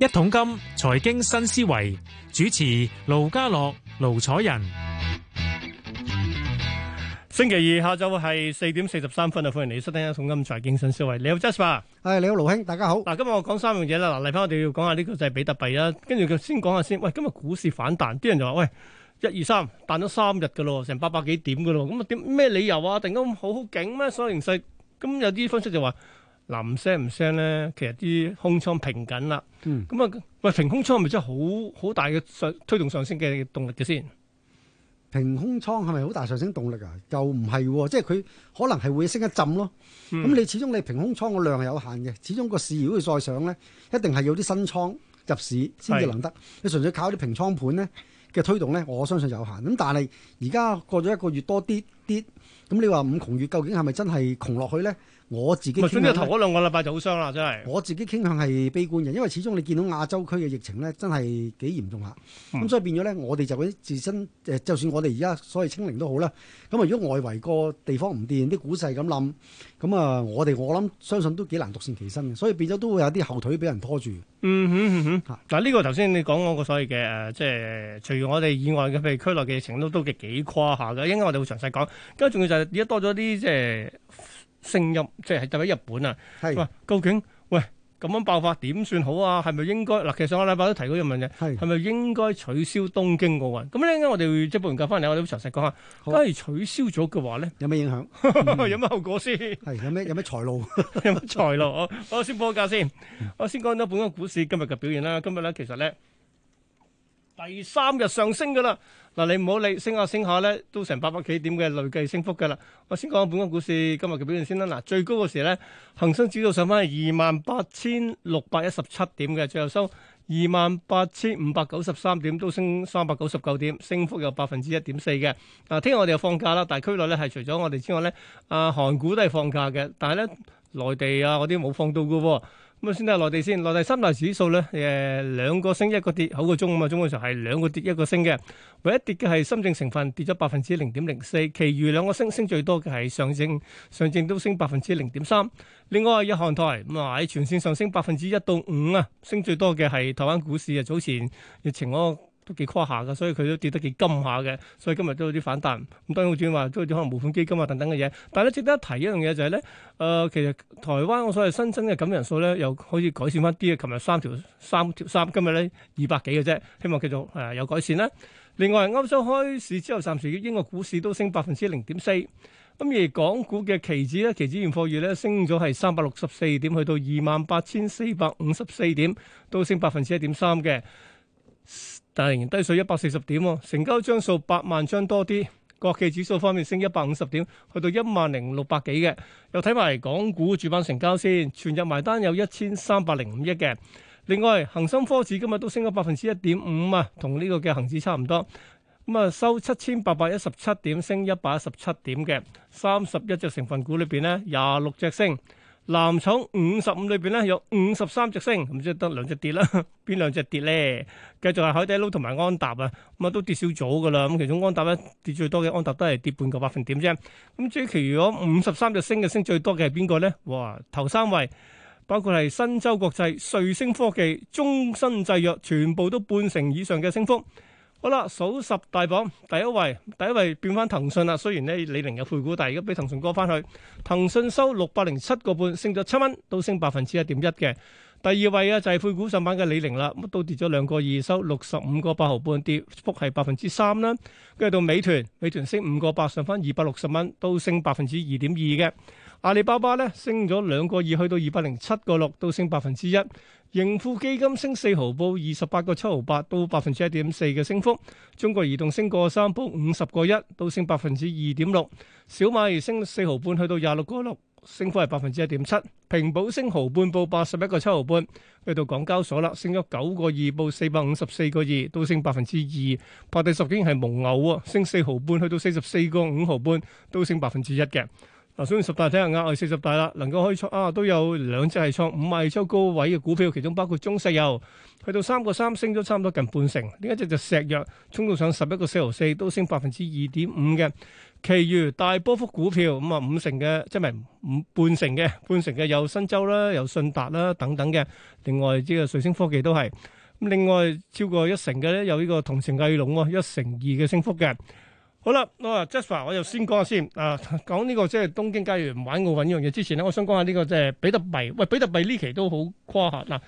一桶金財經新思維，主持盧家樂、盧楚仁。星期二下晝係四點四十三分啊！歡迎你收聽一桶金財經新思維。你好，Jasper。誒，你好，盧兄，大家好。嗱，今日我講三樣嘢啦。嗱，嚟翻我哋要講下呢個就係比特幣啦。跟住佢先講下先。喂，今日股市反彈，啲人就話喂，一二三，彈咗三日噶咯，成八百幾點噶咯。咁啊，點咩理由啊？定咁好好勁咩？所有形勢咁有啲分析就話。林升唔升咧，其實啲空倉平緊啦。咁啊、嗯，喂，平空倉咪真係好好大嘅上推動上升嘅動力嘅先。平空倉係咪好大上升動力啊？又唔係，即係佢可能係會升一浸咯。咁你、嗯、始終你平空倉個量係有限嘅，始終個市如果佢再上咧，一定係有啲新倉入市先至能得。是你純粹靠啲平倉盤咧嘅推動咧，我相信有限。咁但係而家過咗一個月多啲啲，咁你話五窮月究竟係咪真係窮落去咧？我自己，算你頭嗰兩個禮拜就好傷啦，真係。我自己傾向係是悲觀嘅，因為始終你見到亞洲區嘅疫情咧，真係幾嚴重下。咁、嗯、所以變咗咧，我哋就會自身誒，就算我哋而家所謂清零都好啦。咁啊，如果外圍個地方唔掂，啲股市咁冧，咁啊，我哋我諗相信都幾難獨善其身嘅。所以變咗都會有啲後腿俾人拖住、嗯。嗯哼嗯哼。嗱、嗯，呢、嗯、是個頭先你講嗰個所謂嘅誒、呃，即係除我哋以外嘅譬如區內嘅疫情都都幾誇下嘅。應該我哋會詳細講。跟住仲要就係而家多咗啲即係。聲音，即係喺日本啊，話是究竟喂咁樣爆發點算好啊？係咪應該嗱？其實上個禮拜都提過呢樣嘢，係咪是應該取消東京奧運？咁咧，我哋即係報完價翻嚟，我哋都詳細講下。好假如取消咗嘅話咧，有咩影響？嗯、 有咩後果先？係有咩有咩財路？ 有咩財路？我我先報個價先。我先講翻、嗯、本港股市今日嘅表現啦。今日咧，其實咧。第三日上升嘅啦，嗱，你唔好理升下升下咧，都成八百幾點嘅累計升幅嘅啦。我先講下本港股市今日嘅表現先啦。嗱，最高嘅時咧，恒生指數上返係二萬八千六百一十七點嘅，最後收二萬八千五百九十三點，都升三百九十九點，升幅有百分之一點四嘅。嗱，聽日我哋又放假啦，但係區內咧，係除咗我哋之外咧，啊韓股都係放假嘅，但係咧內地啊嗰啲冇放到嘅。咁啊，睇下內地先，內地三大指數咧，誒、呃、兩個升一個跌，好過中午啊中總共上係兩個跌一個升嘅，唯一跌嘅係深證成分跌咗百分之零點零四，其餘兩個升，升最多嘅係上證，上證都升百分之零點三，另外日韓台咁啊，喺全線上升百分之一到五啊，升最多嘅係台灣股市啊，早前疫情嗰。都幾誇下㗎，所以佢都跌得幾金下嘅，所以今日都有啲反彈。咁當然我仲要話都有啲可能無款基金啊等等嘅嘢。但係咧值得一提一樣嘢就係咧，誒、呃、其實台灣我所謂新增嘅感染人數咧又可以改善翻啲。琴日三條三條三，3, 3, 3, 今日咧二百幾嘅啫，希望繼續誒、啊、有改善啦。另外歐洲開市之後，暫時英國股市都升百分之零點四。咁而，而港股嘅期指咧，期指現貨月咧升咗係三百六十四點，去到二萬八千四百五十四點，都升百分之一點三嘅。但仍然低水一百四十點，成交張數百萬張多啲。國企指數方面升一百五十點，去到一萬零六百幾嘅。又睇埋港股主板成交先，全日埋單有一千三百零五億嘅。另外，恒生科指今日都升咗百分之一點五啊，同呢個嘅恒指差唔多咁啊，收七千八百一十七點，升一百一十七點嘅。三十一隻成分股裏邊咧，廿六隻升。藍籌五十五裏邊咧有五十三隻升，咁即係得兩隻跌啦。邊 兩隻跌咧？繼續係海底撈同埋安踏啊！咁啊都跌少咗噶啦。咁其中安踏咧跌最多嘅，安踏都係跌半個百分點啫。咁至於其餘五十三隻升嘅升最多嘅係邊個咧？哇！頭三位包括係新洲國際、瑞星科技、中新製藥，全部都半成以上嘅升幅。好啦，數十大榜第一位，第一位變翻騰訊啦。雖然咧李寧有配股，但係而家俾騰訊過翻去。騰訊收六百零七個半，升咗七蚊，都升百分之一點一嘅。第二位啊就係配股上榜嘅李寧啦，咁都跌咗兩個二，收六十五個八毫半，跌幅係百分之三啦。跟住到美團，美團升五個八，上翻二百六十蚊，都升百分之二點二嘅。阿里巴巴咧升咗兩個二，去到二百零七個六，都升百分之一。盈富基金升四毫，報二十八個七毫八，到百分之一點四嘅升幅。中國移動升個三，報五十個一，都升百分之二點六。小馬兒升四毫半，去到廿六個六，升幅係百分之一點七。平保升毫半，報八十一個七毫半，去到港交所啦，升咗九個二，報四百五十四個二，都升百分之二。華帝十竟然係蒙牛升四毫半，去到四十四個五毫半，都升百分之一嘅。頭先十大睇下啊，額外四十大啦，能夠開倉啊，都有兩隻係創五十二周高位嘅股票，其中包括中石油，去到三個三升都，差唔多近半成。呢一隻就石藥，衝到上十一個四毫四，都升百分之二點五嘅。其餘大波幅股票，咁啊五成嘅，即係咪半成嘅，半成嘅有新洲啦，有信達啦等等嘅。另外呢個瑞星科技都係。咁另外超過一成嘅咧，有呢個同程藝龍喎，一成二嘅升幅嘅。 好啦，Joshua，我話 Jasper，我就先講下先。啊，講呢、這個即係東京假如唔玩奧運呢樣嘢之前咧，我想講下呢、這個即係、就是、比特幣。喂，比特幣呢期都好誇下啦。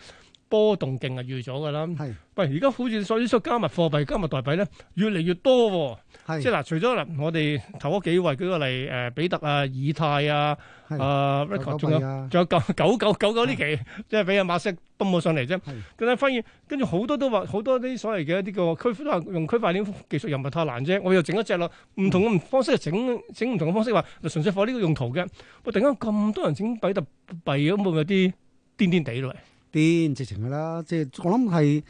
波動勁啊！預咗㗎啦，喂！而家好似所謂加密貨幣、加密代幣咧，越嚟越多喎、哦。是即係嗱，除咗嗱，我哋頭幾位舉個例，誒比特啊、以太啊、是啊，仲、啊、有仲有九九九九呢期，是即係俾阿馬斯泵我上嚟啫。咁樣反而跟住好多都話好多啲所謂嘅一啲個區塊用區塊鏈技術又唔係太難啫。我又整一隻咯，唔同嘅方、嗯、方式，整整唔同嘅方式話純粹貨呢個用途嘅。喂！突然間咁多人整比特幣，有冇有啲顛顛地嚟？啲直情㗎啦，即係我諗係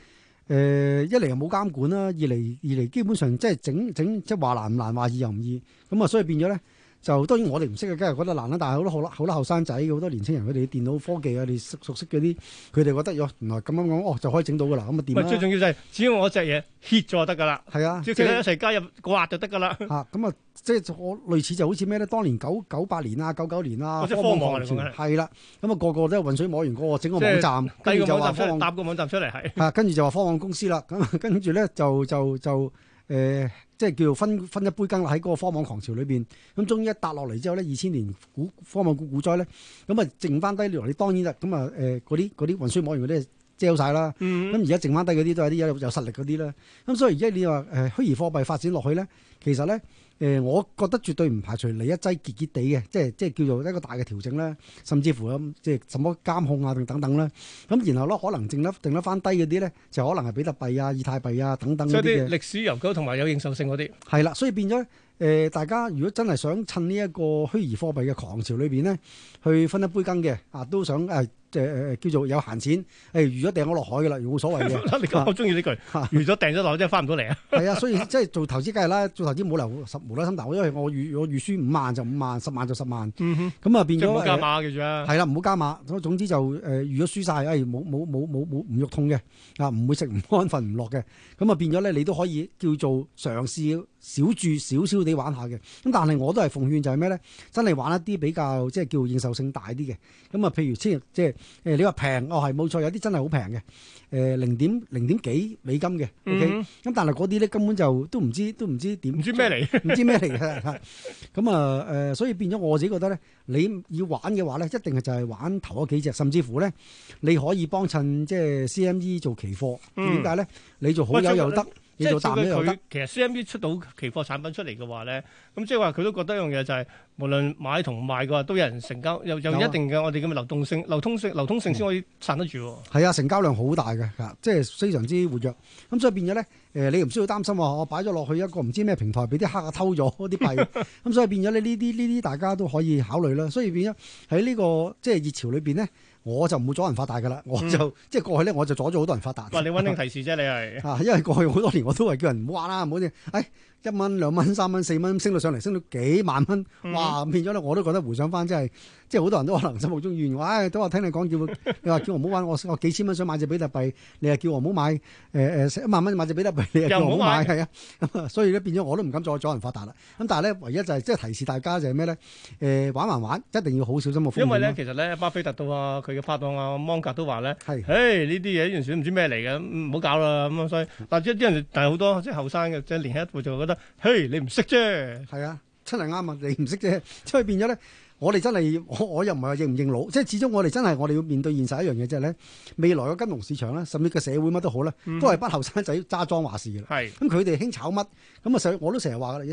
誒一嚟又冇監管啦，二嚟二嚟基本上即係整整即係話難唔難話易又唔易，咁、嗯、啊所以變咗咧。就當然我哋唔識嘅梗係覺得難啦。但係好多後、好多後生仔、好多年青人，佢哋電腦科技啊，你熟熟悉嗰啲，佢哋覺得咗原來咁樣講，哦就可以整到噶啦，咁啊掂啦。唔係最重要就係只要我隻嘢 hit 咗就得噶啦。係啊，即係一齊加入刮就得噶啦。嚇咁啊，即係我類似就好似咩咧？當年九九八年啊，九九年啊，即科網係啦。咁啊，個個都渾水摸完個個整個網站，跟住就話科網搭個網站出嚟係。嚇，跟住就話科網公司啦。咁啊，跟住咧就就就誒。即係叫做分分一杯羹喺嗰個科網狂潮裏邊，咁終於一跌落嚟之後咧，二千年股科網股股災咧，咁啊剩翻低落嚟，你你當然啦，咁啊誒嗰啲嗰啲運輸網員啲。丟晒啦，咁而家剩翻低嗰啲都係啲有有實力嗰啲啦，咁所以而家你話誒虛擬貨幣發展落去咧，其實咧誒，我覺得絕對唔排除嚟一劑結結地嘅，即係即係叫做一個大嘅調整啦，甚至乎咁即係什麼監控啊，定等等啦，咁然後咧可能剩得剩得翻低嗰啲咧，就可能係比特幣啊、以太幣啊等等即啲歷史悠久同埋有認受性嗰啲。係啦，所以變咗誒，大家如果真係想趁呢一個虛擬貨幣嘅狂潮裏邊咧，去分一杯羹嘅啊，都想誒。呃即係叫做有閒錢，誒預咗掟我落海嘅啦，冇所謂嘅。我中意呢句，預咗掟咗落海即係翻唔到嚟啊！係啊，所以即係做投資梗係啦，做投資冇理由冇啦心頭，因為我預我預輸五萬就五萬，十萬就十萬。咁啊變咗加碼嘅啫。係啦，唔好加碼。總之就誒預咗輸晒，誒冇冇冇冇冇唔肉痛嘅啊，唔會食唔安瞓唔落嘅。咁啊變咗咧，你都可以叫做嘗試少住少少地玩下嘅。咁但係我都係奉勸就係咩咧？真係玩一啲比較即係叫認受性大啲嘅。咁啊譬如即係。誒，你話平哦，係冇錯，有啲真係好平嘅，誒、呃，零點零點幾美金嘅，O K，咁但係嗰啲咧根本就都唔知，都唔知點，唔知咩嚟，唔 知咩嚟嘅，咁啊，誒，所以變咗我自己覺得咧，你要玩嘅話咧，一定係就係玩頭嗰幾隻，甚至乎咧，你可以幫襯即係 C M E 做期貨，點解咧？你做好友又得。即係佢其實 CMB 出到期貨產品出嚟嘅話咧，咁即係話佢都覺得一樣嘢就係無論買同賣嘅話都有人成交，有有一定嘅我哋嘅流動性、流通性、流通性先可以撐得住。係啊、嗯，成交量好大嘅，嚇，即係非常之活躍。咁所以變咗咧，誒、呃、你唔需要擔心話我擺咗落去一個唔知咩平台俾啲黑客偷咗啲幣。咁 所以變咗咧，呢啲呢啲大家都可以考慮啦。所以變咗喺呢個即係熱潮裏邊咧。我就唔會阻人發達噶啦，我就即係、嗯、過去咧，我就阻咗好多人發達。喂，你溫馨提示啫，你係啊， 因為過去好多年我都係叫人唔好話啦，唔好啲誒。一蚊、兩蚊、三蚊、四蚊，升到上嚟，升到幾萬蚊，哇、嗯！變咗咧，我都覺得回想翻，真係，即係好多人都可能心目中怨我，唉，都話聽你講叫，叫，你話叫我唔好玩，我 我幾千蚊想買隻比特幣，你又叫我唔好買，誒、呃、誒，一萬蚊買隻比特幣，你又唔好買，係啊，咁啊的，所以咧變咗我都唔敢再阻人發達啦。咁但係咧，唯一就係、是、即係提示大家就係咩咧？誒、呃，玩還玩，一定要好小心個風險。因為咧，其實咧，巴菲特到啊，佢嘅拍檔啊，芒格都話咧，係的，誒呢啲嘢完全唔知咩嚟嘅，唔好搞啦，咁所以，但係一啲人，但係好多即係後生嘅，即係年輕年一族就覺得。嘿，你唔識啫，係啊，真係啱啊，你唔識啫，所以變咗咧，我哋真係，我我又唔係話認唔認老，即係始終我哋真係，我哋要面對現實一樣嘢，即係咧，未來嘅金融市場咧，甚至個社會乜都好咧，都係不後生仔揸莊話事嘅啦。係、嗯哼，咁佢哋興炒乜，咁啊，成我都成日話噶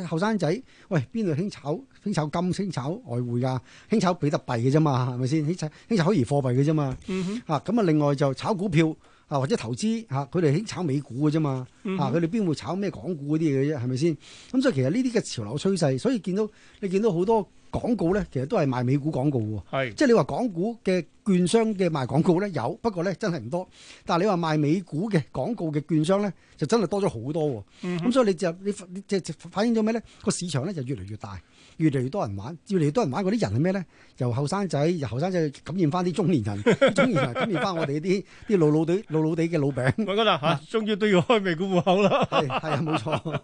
啦，後生仔，喂，邊度興炒？興炒金？興炒外匯啊？興炒比特幣嘅啫嘛，係咪先？興炒興炒虛擬貨幣嘅啫嘛。嗯咁哼啊，另外就炒股票。啊或者投資嚇，佢哋興炒美股嘅啫嘛，嚇佢哋邊會炒咩港股嗰啲嘢嘅啫，係咪先？咁、啊、所以其實呢啲嘅潮流趨勢，所以見到你見到好多廣告咧，其實都係賣美股廣告喎。係，即係你話港股嘅券商嘅賣廣告咧有，不過咧真係唔多。但係你話賣美股嘅廣告嘅券商咧，就真係多咗好多。嗯哼。咁所以你就你即係反映咗咩咧？個市場咧就越嚟越大，越嚟越多人玩，越嚟越多人玩。嗰啲人係咩咧？由後生仔由後生仔感染翻啲中年人， 中年人感染翻我哋啲啲老老啲老老啲嘅老，老餅。講得啊， 終於都要開美股戶口啦。係係啊，冇錯。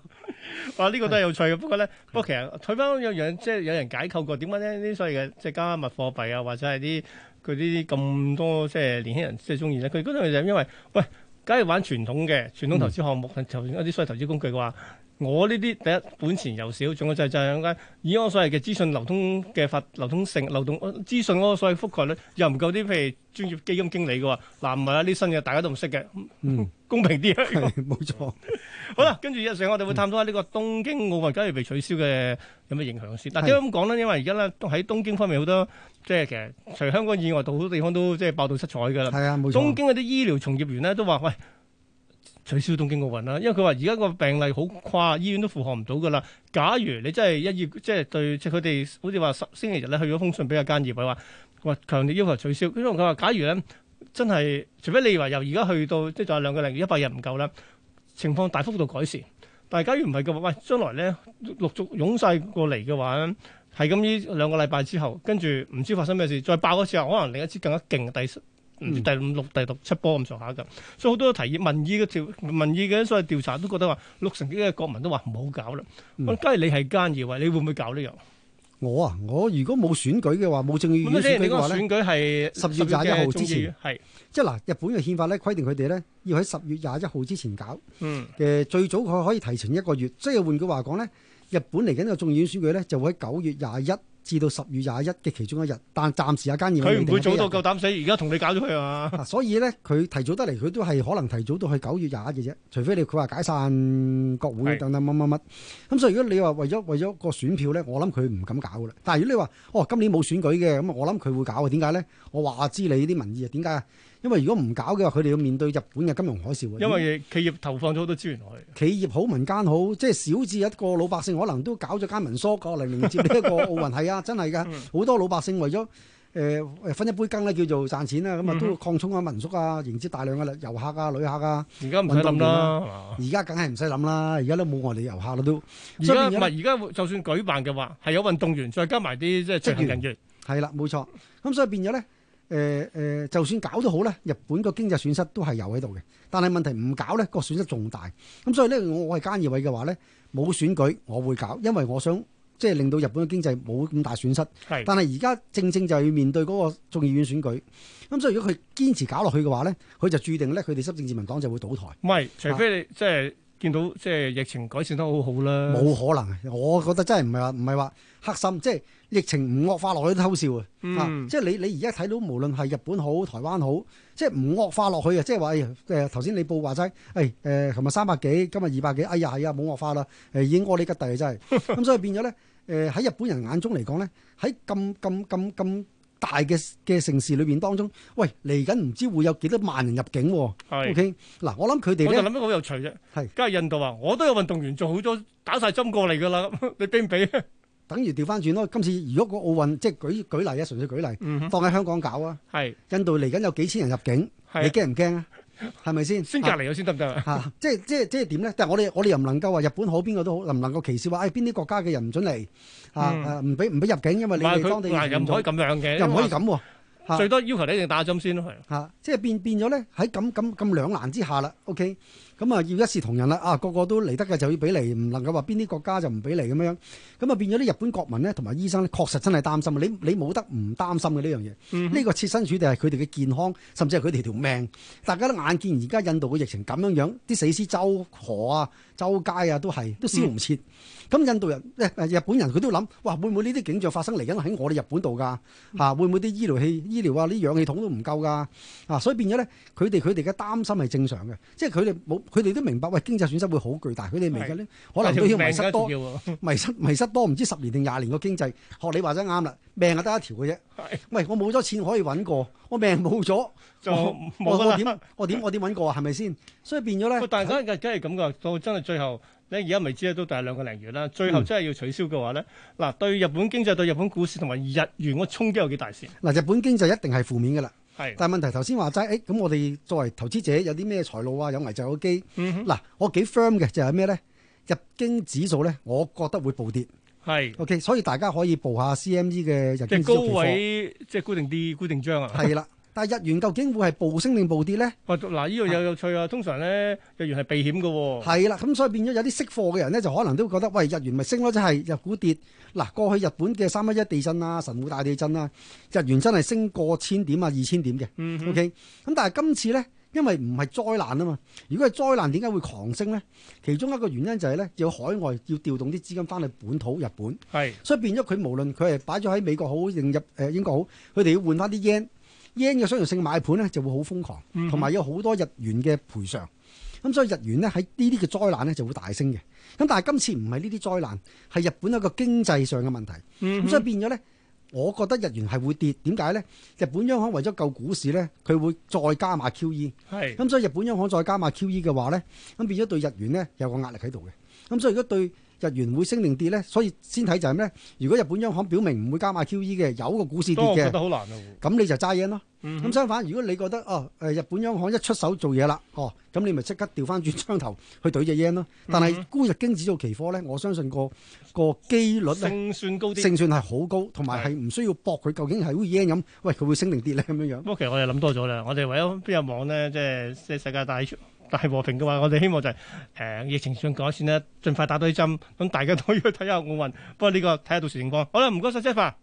哇！呢、這個都係有趣嘅，是不過咧，是不過其實睇翻有樣即係有人解構過點解咧啲所謂嘅即係加密貨幣啊，或者係啲佢啲咁多即係年輕人即係中意咧，佢嗰陣就因為喂，梗係玩傳統嘅傳統投資項目，嗯、投一啲所謂投資工具嘅話。我呢啲第一本錢又少，仲有就係就係咁解，以我所謂嘅資訊流通嘅法，流通性、流動資訊嗰個所謂覆蓋率又唔夠啲，譬如專業基金經理嘅話，嗱，唔係啊，呢新嘢大家都唔識嘅，嗯，公平啲啊，冇錯。 好啦，跟住一陣我哋會探討下呢個東京奧運假如被取消嘅有咩影響先。嗱，點解咁講呢？因為而家呢，喺東京方面好多即係其實除香港以外，好多地方都即係爆到七彩㗎啦。係啊，冇錯。東京嗰啲醫療從業員呢，都話喂。取消東京奧運啦，啊，因為佢話而家個病例好跨，醫院都負荷唔到噶啦。假如你真係一月，即、就、係、是、對即係佢哋，好似話十星期日咧去咗封信俾菅義偉話，話強烈要求取消。因為佢話，假如咧真係，除非你話由而家去到即係仲有兩個零月一百日唔夠啦，情況大幅度改善。但係假如唔係嘅話，喂，將來咧陸續湧晒過嚟嘅話，係咁呢兩個禮拜之後，跟住唔知發生咩事，再爆嘅時候，可能另一支更加勁嘅第五六第六七波咁上下㗎，所以好多提議民意嘅調民意嘅，所謂調查都覺得話六成幾嘅國民都話唔好搞啦。咁假如你係菅義偉，你會唔會搞呢樣？我啊，我如果冇選舉嘅話，冇政意。咁即係你嗰個選舉係十月廿一號之前。係即係嗱，日本嘅憲法咧規定佢哋咧要喺十月廿一號之前搞。嗯。呃，最早佢可以提前一個月，即係換句話講咧，日本嚟緊嘅眾議院選舉咧就會喺九月廿一，至到十月廿一嘅其中一日，但暫時有間議會佢唔會早到夠膽死，而家同你搞咗佢 啊！所以咧，佢提早得嚟，佢都係可能提早到去九月廿一嘅啫。除非你佢話解散國會等等乜乜乜，咁是、啊、所以如果你話為咗為咗個選票咧，我諗佢唔敢搞噶啦。但係如果你話哦今年冇選舉嘅，咁啊我諗佢會搞嘅，點解咧？我話知你啲民意啊，點解？因為如果唔搞嘅話，佢哋要面對日本嘅金融海嘯。因為企業投放咗好多資源落去。企業好，民間好，即係小至一個老百姓，可能都搞咗間民宿嚟迎接呢一個奧運。係 啊，真係㗎，好、嗯、多老百姓為咗誒、呃、分一杯羹咧，叫做賺錢啊，咁啊、嗯、都要擴充下民宿啊，迎接大量嘅遊客啊、旅客啊。而家唔使諗啦，而家梗係唔使諗啦，而家都冇外地遊客啦都。而家唔係，而家在就算舉辦嘅話，係有運動員，再加埋啲即係職業人員。係啦，冇錯。咁所以變咗咧。誒誒、呃，就算搞都好咧，日本個經濟損失都係有喺度嘅。但係問題唔搞咧，個損失仲大。咁所以咧，我我係菅義偉嘅話咧，冇選舉，我會搞，因為我想即係令到日本嘅經濟冇咁大損失。係是。但係而家正正就要面對嗰個眾議院選舉。咁所以如果佢堅持搞落去嘅話咧，佢就注定咧，佢哋執政自民黨就會倒台。唔係，除非你吧即係。見到即係疫情改善得好好啦，冇可能。我覺得真係唔係話唔係話黑心，即係疫情唔惡化落去都偷笑、嗯、啊！即係你你而家睇到無論係日本好、台灣好，即係唔惡化落去啊！即係話誒頭先你報話齋誒誒，琴日三百幾，今日二百幾，哎呀哎呀冇惡化啦！誒已經阿你吉弟真係，咁、 啊、所以變咗咧誒喺日本人眼中嚟講咧，喺咁咁咁咁。大嘅嘅城市裏邊當中，喂嚟緊唔知會有幾多萬人入境喎、啊。係是，Okay，嗱我諗佢哋咧，我就諗得好有趣啫。係是。梗係印度啊，我都有運動員做好多打晒針過嚟㗎啦。你俾唔俾？等如調翻轉咯。今次如果個奧運即係舉舉例啊，純粹舉例，放喺、嗯、哼香港搞啊。係是。印度嚟緊有幾千人入境，是你驚唔驚啊？係咪先？是是先隔離咗先得唔得啊？嚇、啊！即係即係即係點咧？但係我哋我哋又唔能夠話日本好邊個都好，能唔能夠歧視話誒邊啲國家嘅人唔准嚟啊？誒唔俾唔俾入境，因為你哋當地唔、啊、可以咁樣嘅，又唔可以咁喎、啊。啊、最多要求你一定打針先咯，係啊。嚇！即係變變咗咧，喺咁咁咁兩難之下啦。OK。咁啊，要一視同仁啦！啊，個個都嚟得嘅就要俾嚟，唔能夠話邊啲國家就唔俾嚟咁樣。咁啊，變咗啲日本國民咧，同埋醫生咧，確實真係擔心。你你冇得唔擔心嘅呢樣嘢？呢、嗯、哼個切身處地係佢哋嘅健康，甚至係佢哋條命。大家都眼見而家印度嘅疫情咁樣樣，啲死屍周河啊、周街啊都係都燒唔切。咁、嗯、印度人日本人佢都諗，哇，會唔會呢啲景象發生嚟緊喺我哋日本度㗎？嚇、啊，會唔會啲醫療器、醫療啊、啲氧氣筒都唔夠㗎？啊，所以變咗咧，佢哋佢哋嘅擔心係正常嘅，即係佢哋冇。佢哋都明白，喂，經濟損失會好巨大。佢哋而嘅咧，的可能都要迷失多迷失迷失多，唔 知十年定廿年個經濟。學你話齋啱啦，命就得一條嘅啫。的喂，我冇咗錢可以揾過，我命冇咗就冇啦。我點我點我點揾 過啊？係咪先？所以變咗咧。但係咁，梗係梗係咁噶。到真係最後，你而家未知都大兩個零月啦。最後真係要取消嘅話咧，嗱、嗯，對日本經濟、對日本股市同埋日元個衝擊有幾大先？嗱，日本經濟一定係負面嘅啦。係，但係問題頭先話齋，誒、欸、咁我哋作為投資者有啲咩財路啊？有危就有機。嗱、嗯哼，我幾 firm 嘅就係咩咧？日經指數咧，我覺得會暴跌。係的，OK，所以大家可以佈下 CME 嘅日經指數。即係高位，即、就、係、是、固定啲，固定張啊。係啦。 日元究竟會係暴升定暴跌咧？哇、啊！嗱，呢度有有趣啊。通常咧，日元係避險嘅喎、啊。係啦，咁所以變咗有啲識貨嘅人咧，就可能都會覺得，喂，日元咪升咯，即、就、係、是、日股跌嗱、啊。過去日本嘅三一一地震啊，神戶大地震啊，日元真係升過千點啊、二千點嘅。OK。咁但係今次咧，因為唔係災難啊嘛。如果係災難，點解會狂升咧？其中一個原因就係咧，要海外要調動啲資金翻嚟本土日本係，是所以變咗佢無論佢係擺咗喺美國好定入誒英國好，佢哋要換翻啲日元 Yen 嘅商業性買盤咧就會好瘋狂，同埋、mm hmm. 有好多日元嘅賠償，咁所以日元咧喺呢啲嘅災難咧就會大升嘅。咁但係今次唔係呢啲災難，係日本一個經濟上嘅問題，咁所以變咗咧，我覺得日元係會跌。點解咧？日本央行為咗救股市咧，佢會再加碼 QE，係咁所以日本央行再加碼 QE 嘅話咧，咁變咗對日元咧有個壓力喺度嘅。咁所以如果對日元會升定跌咧，所以先睇就係咩？如果日本央行表明唔會加碼 QE 嘅，有個股市跌嘅，都覺得好難啊。咁你就揸 yen 咯。咁、嗯、哼相反，如果你覺得哦，誒日本央行一出手做嘢啦，哦，咁你咪即刻調翻轉槍頭去對隻 yen 咯。但係沽日經指做期貨咧，我相信個個機率咧勝算高啲，勝算係好高，同埋係唔需要搏佢究竟係好似 yen 咁，喂佢會升定跌咧咁樣樣。不過其實我哋諗多咗啦，我哋唯咗邊日講咧，即係即係世界大。但係和平嘅話，我哋希望就係、是、誒、呃、疫情上改善咧，盡快打多啲針，咁大家都可以去睇下奧運。不過呢、呢個睇下到時情況。好啦，唔該晒，Jack。